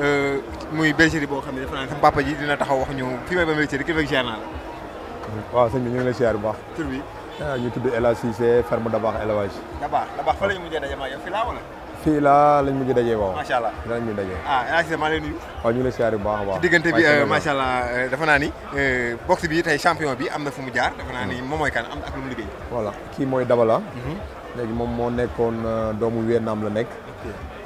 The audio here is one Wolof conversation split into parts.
Euh, muy bergerie boo xam ne defe naa sama papa ji dina taxaw wax ñu fi may ba bergerie kii rek ziar naa la. waaw sëñ bi ñu ngi lay ziar bu baax. tur bi. Ah, ñu tudd El Hadj Cissé ferme Dabax élevage. Dabax Dabax fa la ñu mujjee daje maa yow fii laa wala. fii laa lañ mujjee daje waaw. macha lañ mujjee daje. ah El Hadj Cissé maa ngi lay nuyu. waaw ñu ngi lay ziar bu baax a baax. bi macha euh, allah euh, dafa naa ni. boxe bi tey champion bi am na fu mu jaar. dafa naa ni moom mooy kan am ak lu mu liggéey. voilà kii mooy Dabala. Mhm. léegi moom moo nekkoon doomu Vietnam la nekk.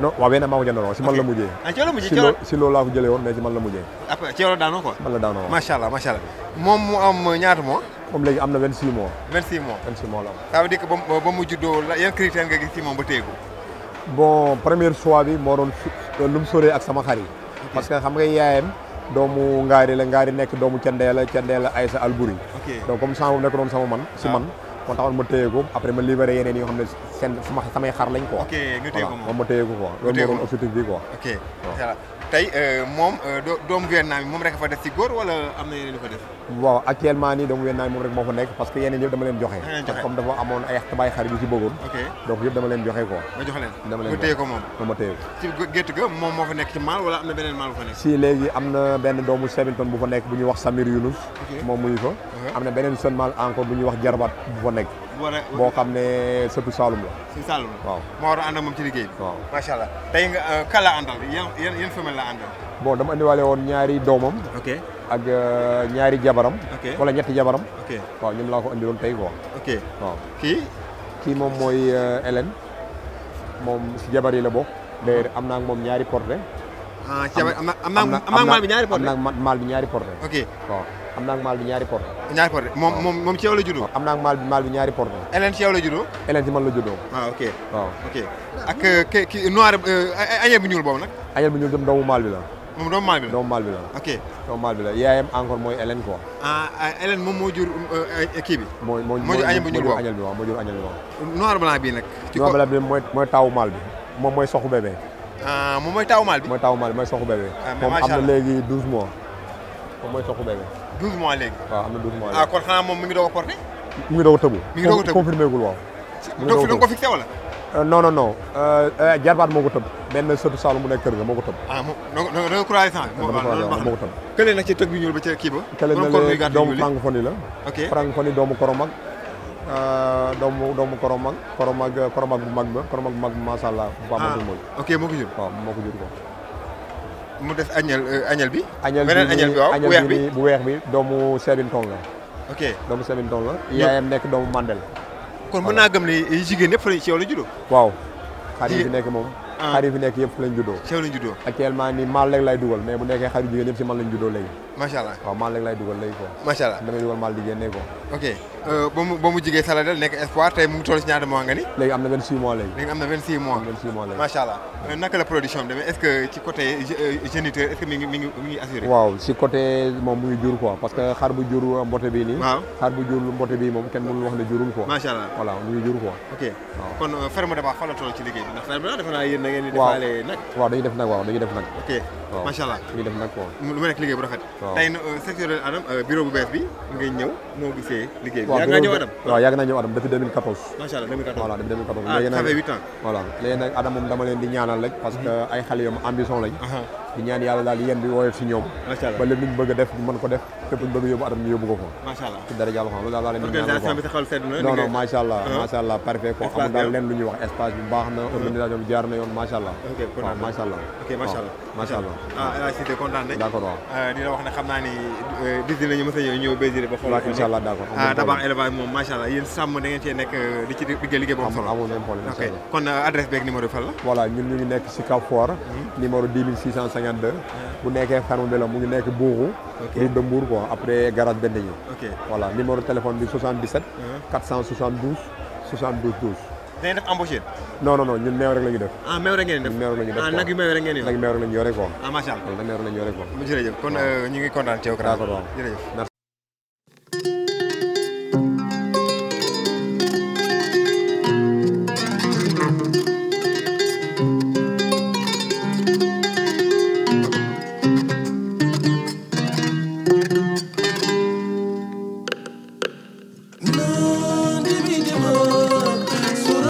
non waaw benn maa ko jëndaloon si man la mujjee ci ah, loolu mujjee si lo laa ko jëlee woon mais si man la mujjee après ci loolu daanoo quoi man la daanoo macha allah macha allah moom mu am ñaata mois moom léegi amna na 26 mois 26 mois 26 mois la am ça veut dire que ba ba mu juddoo yan critère nga gis ba téye bon première fois bi moo doon lu mu ak sama xar yi parce que xam nga yaayam doomu ngaari la ngaari nekk doomu donc comme sama nekk doon sama man si ah. man moo taxoon ma téye ko après ma libéré yeneen yoo xam ne seen sama samay xar lañ quoi. ok ko moom waaw ko moo doon objectif tey euh, moom euh, doomu Vietnam moom rek fa des ci wala am yeneen yu fa des. actuellement Vietnam moom rek moo fa parce que yeneen yëpp dama leen joxe. comme dafa amoon ay tabaay xar yu ci bëggoon. donc yëpp dama leen joxe quoi. nga jox leen dama ko dama ci ga ci wala am na beneen fa si léegi am na domu doomu bu fa nekk bu wax Samir Younus. moom mu fa. Uh-huh. am na beneen sën encore wax Jarbat bu fa boo xam ne sëtu Saloum la. si Saloum la waaw moo war a ànd moom ci liggéey waaw macha allah tey nga eh, kan la àndal yan yan yan femelle la àndal. bon dama andiwaale woon ñaari doomam. ok ak eh, ñaari jabaram. ok wala ñetti jabaram. ok waaw ñoom laa ko andiloon tey quoi. ok waaw kii. kii moom mooy eh, moom si jabar yi la bokk. am naa moom ñaari ah jabar am naa am naa am bi ñaari am bi ñaari ok waaw. am naa ak maal bi ñaari porte ñaari porte moom moom moom ci yow la juddoo am naa ak maal bi maal bi ñaari porte Hélène ci yow la juddoo Hélène ci man la juddoo waaw ah, ok waaw ok ak euh, ki noir euh, añee bu ñuul boobu nag añee bu ñuul tam doomu maal bi la moom doomu maal bi la doomu maal bi la ok doomu maal bi la yaayam encore mooy Hélène quoi ah, ah Hélène moom moo jur euh, kii bi moo moo jur añee bu ñuul boobu añeel bi waaw moo jur añeel bi waaw noir blanc bii nag noir blanc bi mooy mooy taawu maal bi moom mooy soxu bébé ah moom mooy taawu maal bi mooy taawu maal bi mooy soxu bébé ah, moom am na léegi douze mois moom mooy soxu bébé. 12 a porté. mi ngi doog a tëbu. mi ngi doog a tëbu a tëbu donc fi nga ko fixé euh, euh, euh, bu nekk kër nga croisé sànq. moo ko tëb. Ah, bi ñuul ba ca kii ba. kële na doomu francophonie la. ok francophonie doomu Koromag. doomu doomu Koromag Koromag Koromag bu mag ba Koromag bu mag bi macha allah. ah ok moo ko jur ko. mu des añal euh, añal bi. añal bi beneen añal bi waaw bu weex bi bu weex bi doomu Sébinton la. ok doomu Sébinton la. yaayam nekk doomu Mandel. kon mën naa gëm ne jigéen ñëpp fële ci yow waaw xarit bi nekk moom. Ah. xarit bi nekk yëpp fu lañ juddoo. ci yow lañ juddoo. actuellement nii maal rek lay dugal mais bu nekkee xarit jigéen ñëpp si maal lañ juddoo léegi. macha allah waaw maal rek lay dugal léegi quoi. maal jigéen ne Euh, ba mu ba mu jigee Saladel nekk Espoir tey mu ngi toll si ñaata mois nga ni. léegi am na 26 mois léegi. léegi euh, naka la production moom mu ngi jur quoi parce que xar bu jur mbote bii nii. waaw xar bu jur mbote bii moom kenn mënul wax ne jurum quoi. macha allah mu ngi jur quoi. ok kon euh, ferme Dabakh fan ci liggéey bi ndax ferme naa yéen da nag. waaw dañuy def nag waaw dañuy def nag. ok macha allah def nag quoi. lu nekk liggéey bu rafet. waaw tey Adam bureau yaa ngi ñëw Adam waaw yàgg naa ñëw Adam depuis 2014. macha allah 2014 ah, moom dama leen di ñaanal rek. parce que mhm. ay xale yu am ambition di ñaan yalla dal yeen bi woyof ci ñoom ba lépp luñ bëgg def mën ko def te buñ bëgg yobu adam yobu ko ko allah ci dara jàll xam organisation uh-huh. allah parfait lu ñuy wax espace baax na uh-huh. organisation bi allah ok allah allah ah, cité d'accord euh, di la wax ne ni euh, ñëw d'accord ah tabax élevage allah da ngeen euh, di ci amul même problème ok kon adresse numéro la voilà ñun ñu ngi 52. Ah. bu nekkee ferme bi la mu ngi nekk Bourou. route de Mbour après garage benn yi. ok voilà téléphone bi 77. 472 72 12. dinañ def embauché. non non ñun meew rek la ah, def. meew rek ngeen def ñun ah, meew rek la def. nag yu meew rek ngeen yor nag yu meew rek la ñu yore quoi. ah macha allah nag meew rek la ñu yore quoi. jërëjëf kon euh, ñu ngi kontaan ci yow. d' accord waaw